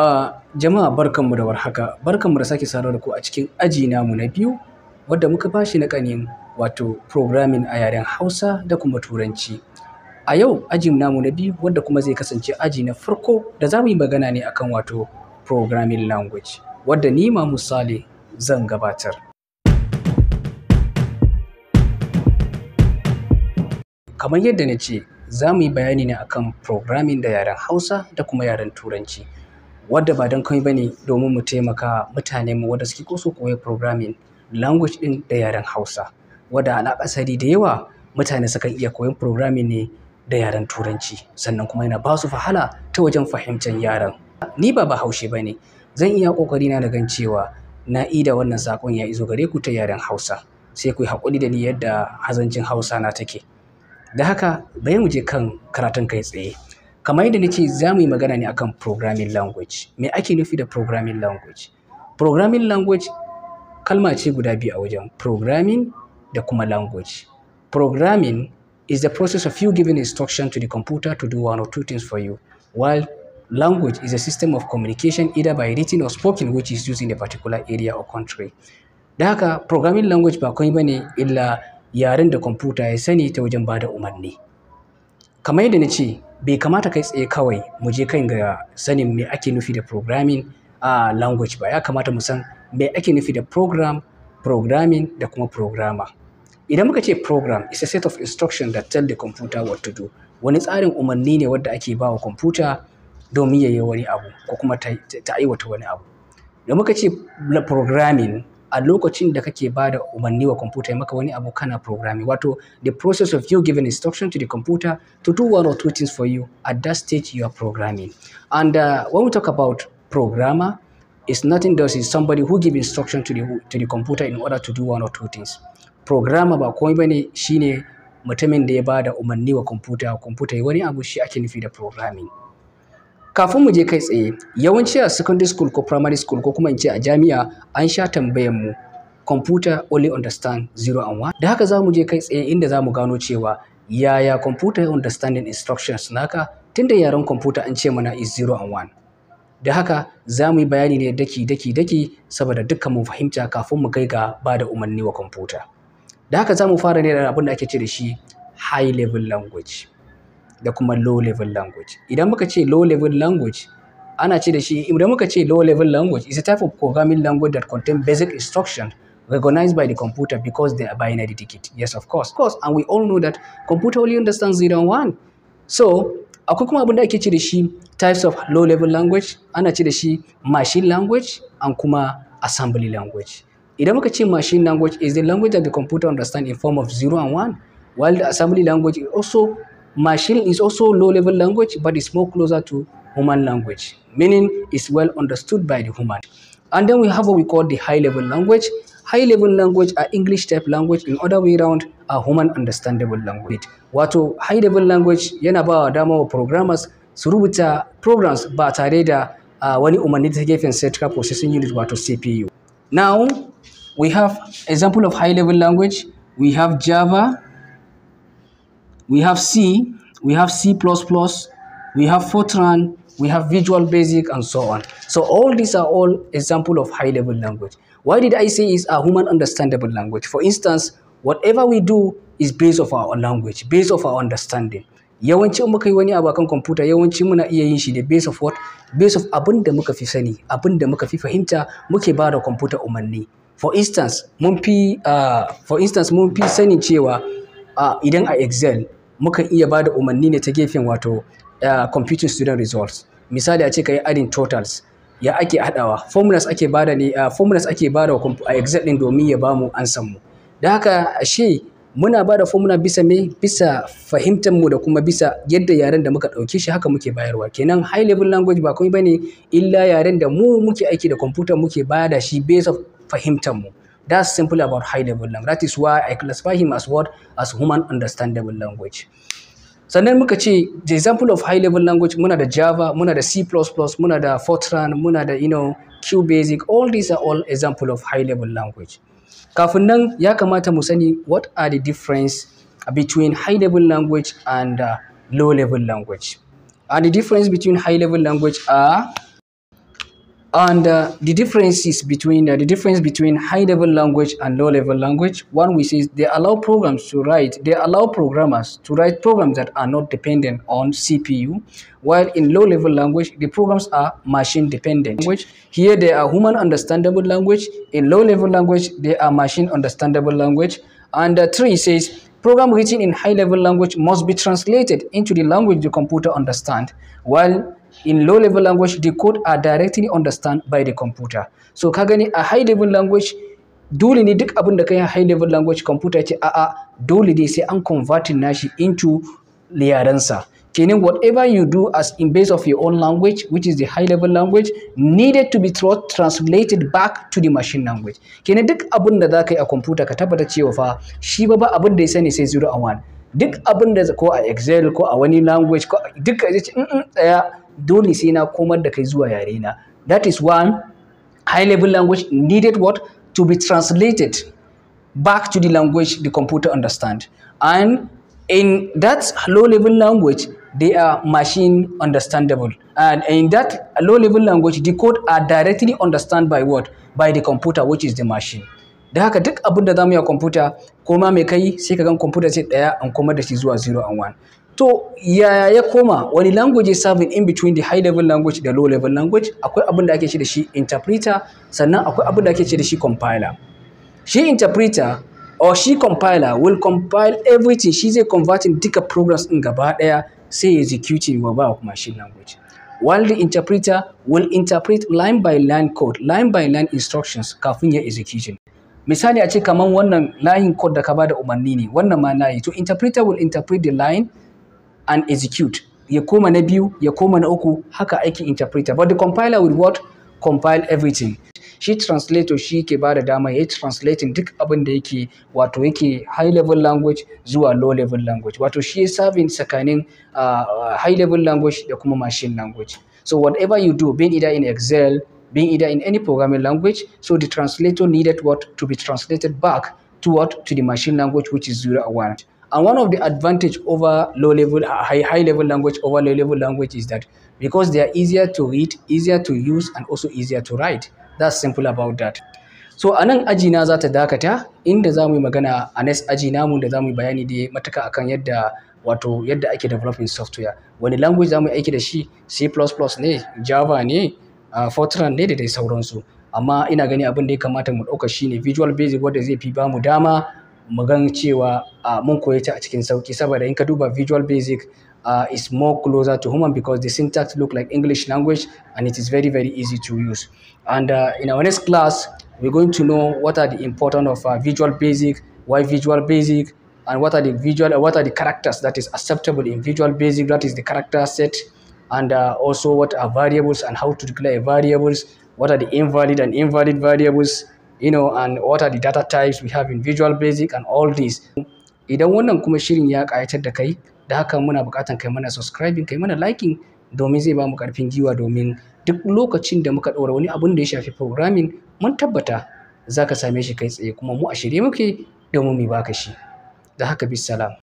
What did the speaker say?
Uh, jama'a barkanmu da warhaka barkanmu da sake sanar da ku a cikin aji namu na biyu wadda muka bashi na kanin wato programming a yaren hausa da kuma turanci a yau aji namu na biyu wadda kuma zai kasance aji na farko da za mu yi magana ne akan wato programming language wadda ni ma misali zan gabatar kamar yadda na ce za mu yi bayani ne akan programming da yaren hausa da kuma yaren turanci wadda ba don kai bane domin mu taimaka mutane mu wadda suke so koyi programming language ɗin da yaren Hausa. Wadda al'akasari da yawa mutane sukan iya koyon programming ne da yaren Turanci sannan kuma yana ba su wahala ta wajen fahimtar yaren. Ni ba Bahaushe ba ne, zan iya ƙoƙari na gan cewa na ida wannan saƙon ya iso gare ku ta yaren Hausa. Sai ku yi haƙuri da ni yadda hazancin Hausa na take. Da haka bari mu je kan karatun kai tsaye. kamar yadda nace za mu yi magana ne akan programming language me ake nufi da programming language programming language kalma ce guda biyu a wajen programming da kuma language programming is the process of you giving instruction to the computer to do one or two things for you while language is a system of communication either by written or spoken which is used in a particular area or country da haka programming language ba komai bane illa yaren da computer ya sani ta wajen bada umarni kamar yadda nace bai kamata kai tsaye kawai mu je kan ga sanin me ake nufi da programming a language ba ya kamata mu san me ake nufi da program programming da kuma programmer idan muka ce program is a set of instructions that tell the computer what to do wani tsarin umarni ne wadda ake ba wa computer domin ya yi wani abu ko kuma ta aiwata wani abu da muka ce programming a lokacin da kake bada da umarni wa computer maka wani abu kana programming wato the process of you giving instruction to the computer to do one or two things for you at that stage you are programming and uh, when we talk about programmer it's nothing else it's somebody who give instruction to the to the computer in order to do one or two things programmer ba komai bane shine mutumin da ya bada da umarni wa computer computer wani abu shi ake nufi da programming kafin mu je kai tsaye yawanci a secondary school ko primary school ko kuma in ce a jami'a an sha tambayan mu computer only understand 0 and 1 da haka za mu je kai tsaye inda za mu gano cewa yaya computer understanding instructions naka tunda yaren computer an ce mana is 0 and 1 da haka za mu yi bayani ne daki daki daki saboda dukkan mu fahimta kafin mu kai ga ba da umarni wa computer da haka za mu fara ne da abin da ake ce da shi high level language da kuma low level language idan muka ce low level language ana ce da shi idan muka ce low level language is a type of programming language that contain basic instruction recognized by the computer because they are binary ticket yes of course of course and we all know that computer only understands zero and one. so akwai kuma abin da ake ce da shi types of low level language ana ce da shi machine language and kuma assembly language idan muka ce machine language is the language that the computer understand in form of zero and one while the assembly language is also Machine is also low-level language, but is more closer to human language, meaning it's well understood by the human. And then we have what we call the high-level language. High-level language are English-type language, in other way around a human understandable language. Wato high-level language yana ba dama programmers su rubuta programs ba tare da wani umarni ta gefen central processing unit wato CPU. Now, we have example of high-level language. We have Java, We have C, we have C++, we have Fortran, we have Visual Basic, and so on. So all these are all example of high-level language. Why did I say it's a human understandable language? For instance, whatever we do is based of our language, based of our understanding. Yawanci muka yi wani abu akan computer, yawanci muna iya yin shi ne base of what? Base of abin da muka fi sani, abin da muka fi fahimta muke ba da kwamfuta umarni. For instance, mun fi uh, for instance mun fi sanin cewa uh, idan a Excel mukan iya ba da umarni ne ta gefen wato eh, computing student results misali a ce ka yi adding totals ya ake haɗawa formulas ake bada ne eh, formulas ake da a exact din domin ya bamu ansan mu da haka ashe muna bada formula bisa me bisa fahimtar mu da kuma bisa yadda yaren da muka ɗauke shi haka muke bayarwa kenan high level language ba komai bane illa yaren da mu muke aiki da computer muke bada shi based of fahimtar mu That's simple about high level language. That is why I classify him as what? As human understandable language. Sannan muka ce, the example of high level language, muna da Java, muna da C++, muna da Fortran, muna da, you know, basic all these are all example of high level language. Kafin nan ya kamata mu sani what are the difference between high level language and uh, low level language. And the difference between high level language are and uh, the difference is between uh, the difference between high level language and low level language one which is they allow programs to write they allow programmers to write programs that are not dependent on cpu while in low level language the programs are machine dependent language here they are human understandable language in low level language they are machine understandable language and uh, three says program written in high level language must be translated into the language the computer understand while in low level language the code are directly understood by the computer so ka gani a high level language dole ne duk abin da kai high level language computer ce a'a dole dai sai an converting nashi into yarensa kenan whatever you do as in base of your own language which is the high level language needed to be translated back to the machine language kenan duk abin da za yi a computer ka tabbata cewa fa shi ba ba abin da ya sani sai zero and one duk abin da ko a excel ko a wani language ko duka ya ce tsaya dole sai na komar da kai zuwa yare na that is one high level language needed what to be translated back to the language the computer understand and in that low level language they are machine understandable and in that low level language the code are directly understood by what by the computer which is the machine da haka duk abin da zamu yi a computer ko ma mai kai sai ka ga computer sai ɗaya an komar da shi zuwa 0 and 1 to yaya ya koma wani language is serving in between the high level language da low level language akwai abin da ake ce da shi interpreter sannan akwai abin da ake ce da shi compiler shi interpreter or shi compiler will compile everything shi zai converting duka programs din gaba daya sai ya wa ba machine language while the interpreter will interpret line by line code line by line instructions kafin ya execution misali a ce kaman wannan line code da ka bada umarni ne wannan ma layi to interpreter will interpret the line and execute ya koma na biyu ya koma na uku haka aiki interpreter but the compiler will what compile everything shi translator shi ke ba da dama ya translating duk abin da yake wato yake high level language zuwa low level language wato shi serving tsakanin uh, high level language da kuma machine language so whatever you do being either in excel being either in any programming language so the translator needed what to be translated back to what to the machine language which is zero or And one of the advantage over low level, uh, high, high level language over low level language is that because they are easier to read, easier to use, and also easier to write. That's simple about that. So anan aji na za ta dakata inda za mu yi magana a next aji namu da za yi bayani da matuka akan yadda wato yadda ake developing software. Wani language za mu yi aiki da shi C++ ne, Java ne, uh, Fortran ne da dai sauransu. Amma ina gani abin da ya kamata mu ɗauka shine Visual Basic wanda zai fi ba mu dama mu gan cewa mun koyi ta a cikin sauki saboda in ka duba visual basic uh, is more closer to human because the syntax look like English language and it is very, very easy to use. And uh, in our next class, we're going to know what are the important of uh, Visual Basic, why Visual Basic, and what are the visual, uh, what are the characters that is acceptable in Visual Basic, that is the character set, and uh, also what are variables and how to declare variables, what are the invalid and invalid variables, you know and what are the data types we have in Visual Basic and all this idan wannan kuma shirin ya ƙayatar da kai da haka muna buƙatan kai mana subscribing kai mana liking domin zai ba mu ƙarfin giwa domin duk lokacin da muka ɗora wani abun da ya shafi programming mun tabbata za ka same shi kai tsaye kuma mu a shirye muke domin mu baka shi da haka bisalam